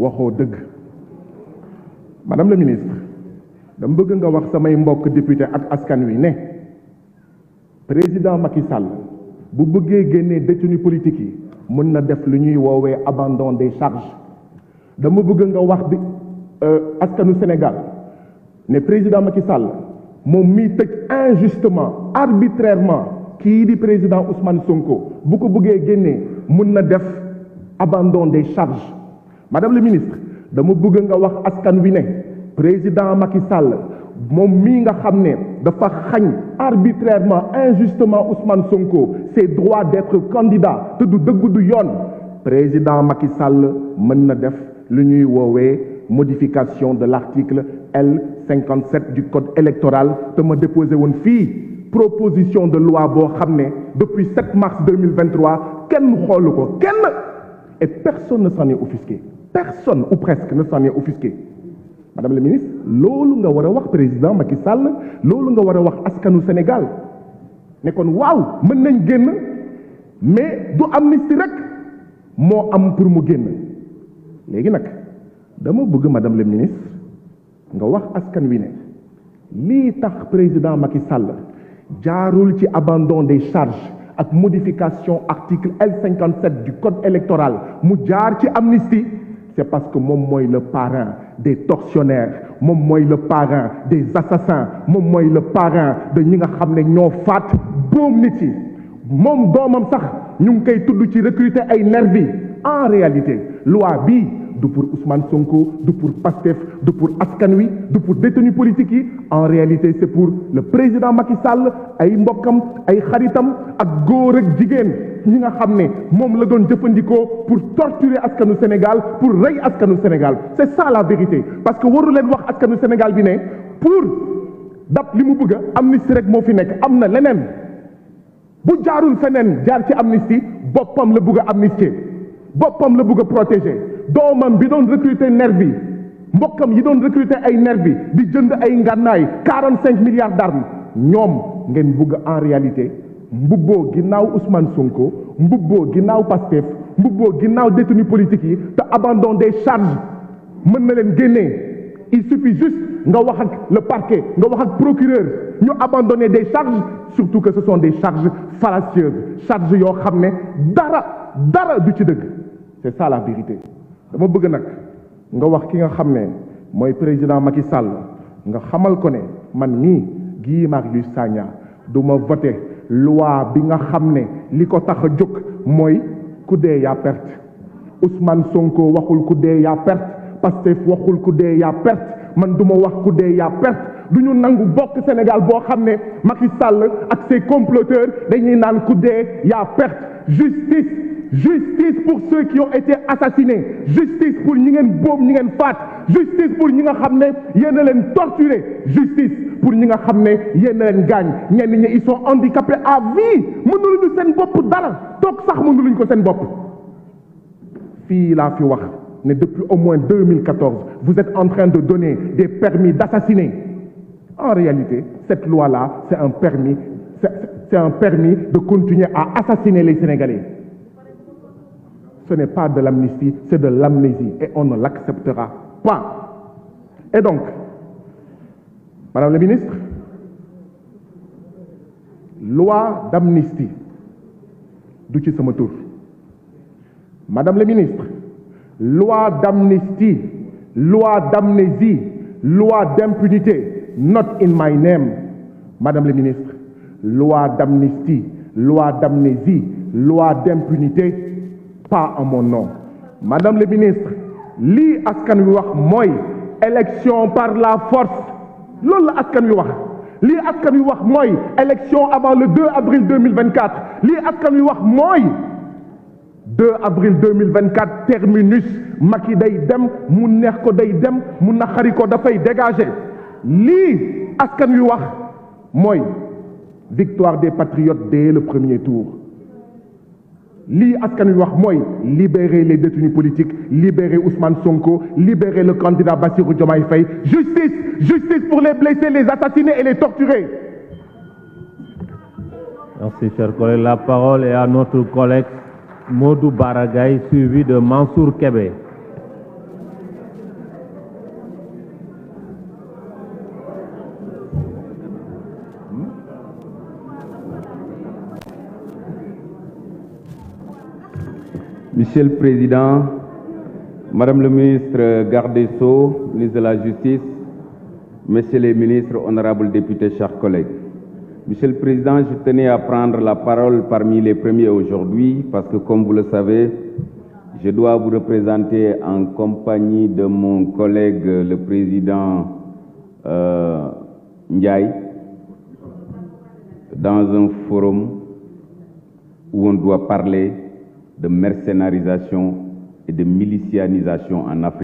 waxoo dëgg madame la ministre dama bëgg nga wax samay mbokk député ak askan wi ne président Macky Sall bu bëggee génnee détenu politique yi mën na def lu ñuy woowee abandon des charges dama bëgg nga wax di euh, askanu Sénégal ne président Macky Sall moom miy tëj injustement arbitrairement kii di président Ousmane Sonko bu ko bëggee génnee mën na def abandon de charge madame la ministre dama bëgg nga wax askan wi ne président Macky Sall moom mii nga xam ne dafa xañ arbitrairement injustement Ousmane Sonko ses droits d'être candidat te du dëgg du yoon président Macky Sall mën na def lu ñuy woowee modification de l'article L 57 du code électoral te ma déposé woon fii proposition de loi boo xam ne depuis 7 mars 2023 kenn xoolu ko kenn et personne ne s'en est offusqué personne ou presque ne s'en est offusqué madame la ministre loolu nga war a wax président Macky Sall loolu nga war a wax askanu Sénégal ne kon waaw mën nañ génn mais du amnistie rek moo am pour mu génn léegi nag dama bëgg madame la ministre nga wax askan wi ne lii tax président Macky Sall jaarul ci abandon des charges ak modification article L57 du code électoral mu jaar ci amnistie c'est parce que moom mooy le parent des tortionnaires moom mooy le parrain des assassins moom mooy le parrain de ñi nga xam ne ñoo faat boom nit yi moom doomam sax ñu ngi koy tudd ci recruter ay nervi en réalité loi bi du pour Ousmane Sonko du pour Pastef du pour askan wi du pour détenu politique yi en réalité c'est pour le président Macky Sall ay mbokkam ay xaritam ak góor ak jigéen ñi nga xam ne moom la doon jëfandikoo pour torturer askanu Sénégal pour rey askanu Sénégal c'est ça la vérité parce que waru leen wax askanu Sénégal bi ne pour dab li mu bëgg amnistie rek moo fi nekk am na leneen bu jaarul feneen jaar ci amnistie boppam la bëgg a amnistie boppam la bëgg a protéger doomam bi doon recruter nervi mbokkam yi doon recruter ay nervi di jënd ay ngànnaay quarante cinq milliards d'armes ñoom ngeen bugg en réalité mbubboo ginnaaw Ousmane Sonko mbubboo ginnaaw Pastef mbubboo ginnaaw détenu politique yi te abandon des charges mën na leen génnee il suffit juste nga wax ak le parquet nga wax ak procureur ñu abandonner des charges surtout que ce sont des charges fallacieuses charges yoo xam ne dara dara du ci dëgg c'est ça la vérité dama bëgg nag nga wax ki nga xam ne mooy président Macky Sall nga xamal ko ne man nii Guy Marius Sagna du ma voté loi bi nga xam ne li ko tax a jóg mooy ku dee yaa perte Ousmane Sonko waxul ku dee yaa perte Pastef waxul ku dee yaa perte man duma wax ku dee yaa perte du ñu nangu bokk Sénégal boo xam ne Macky Sall ak ses comploteurs dañuy naan ku dee yaa perte justice justice pour ceux qui ont été assassinés justice pour ñi ngeen bóom ñi ngeen faat justice pour ñi nga xam ne yéen a leen torturé justice pour ñi nga xam ne yéen a leen gaañ ñenn ñi ils sont handicapés à vie mënuluñu seen bopp dara toog sax mënuluñ ko seen bopp fii laa fi wax ne depuis au moins 2014 vous êtes en train de donner des permis d'assassiner en réalité cette loi là c'est un permis c'est un permis de continuer à assassiner les Sénégalais ce n'est pas de l'amnistie, c'est de l'amnésie et on ne l'acceptera pas. Et donc, Madame la ministre, loi d'amnistie ci sama tur Madame la ministre, loi d'amnistie, loi d'amnésie, loi d'impunité, not in my name. Madame la ministre, loi d'amnésie, loi d'impunité, pas en mon nom madame le ministre lii askan wi wax mooy élection par la force loolu la askan wi wax lii askan wi wax mooy élection avant le 2 avril 2024 lii askan wi wax mooy 2 avril 2024 terminus Macky day dem mu neex ko day dem mu naqari ko dafay dégager lii askan wi wax mooy victoire des patriotes dès le premier tour lii askan wi wax mooy libérer les détenus politiques libérer Ousmane Sonko libérer le candidat Bassirou Diomaye Faye justice justice pour les blessés les assassinés et les torturés merci cher collègue la parole est à notre collègue Modou suivi de Mansour Kébé Monsieur le Président, Madame le ministre Garde des Sceaux, ministre de la Justice, Messieurs les ministres, honorables députés, chers collègues. Monsieur le Président, je tenais à prendre la parole parmi les premiers aujourd'hui parce que, comme vous le savez, je dois vous représenter en compagnie de mon collègue, le Président euh, dans un forum où on doit parler de mercénarisation et de milicianisation en Afrique.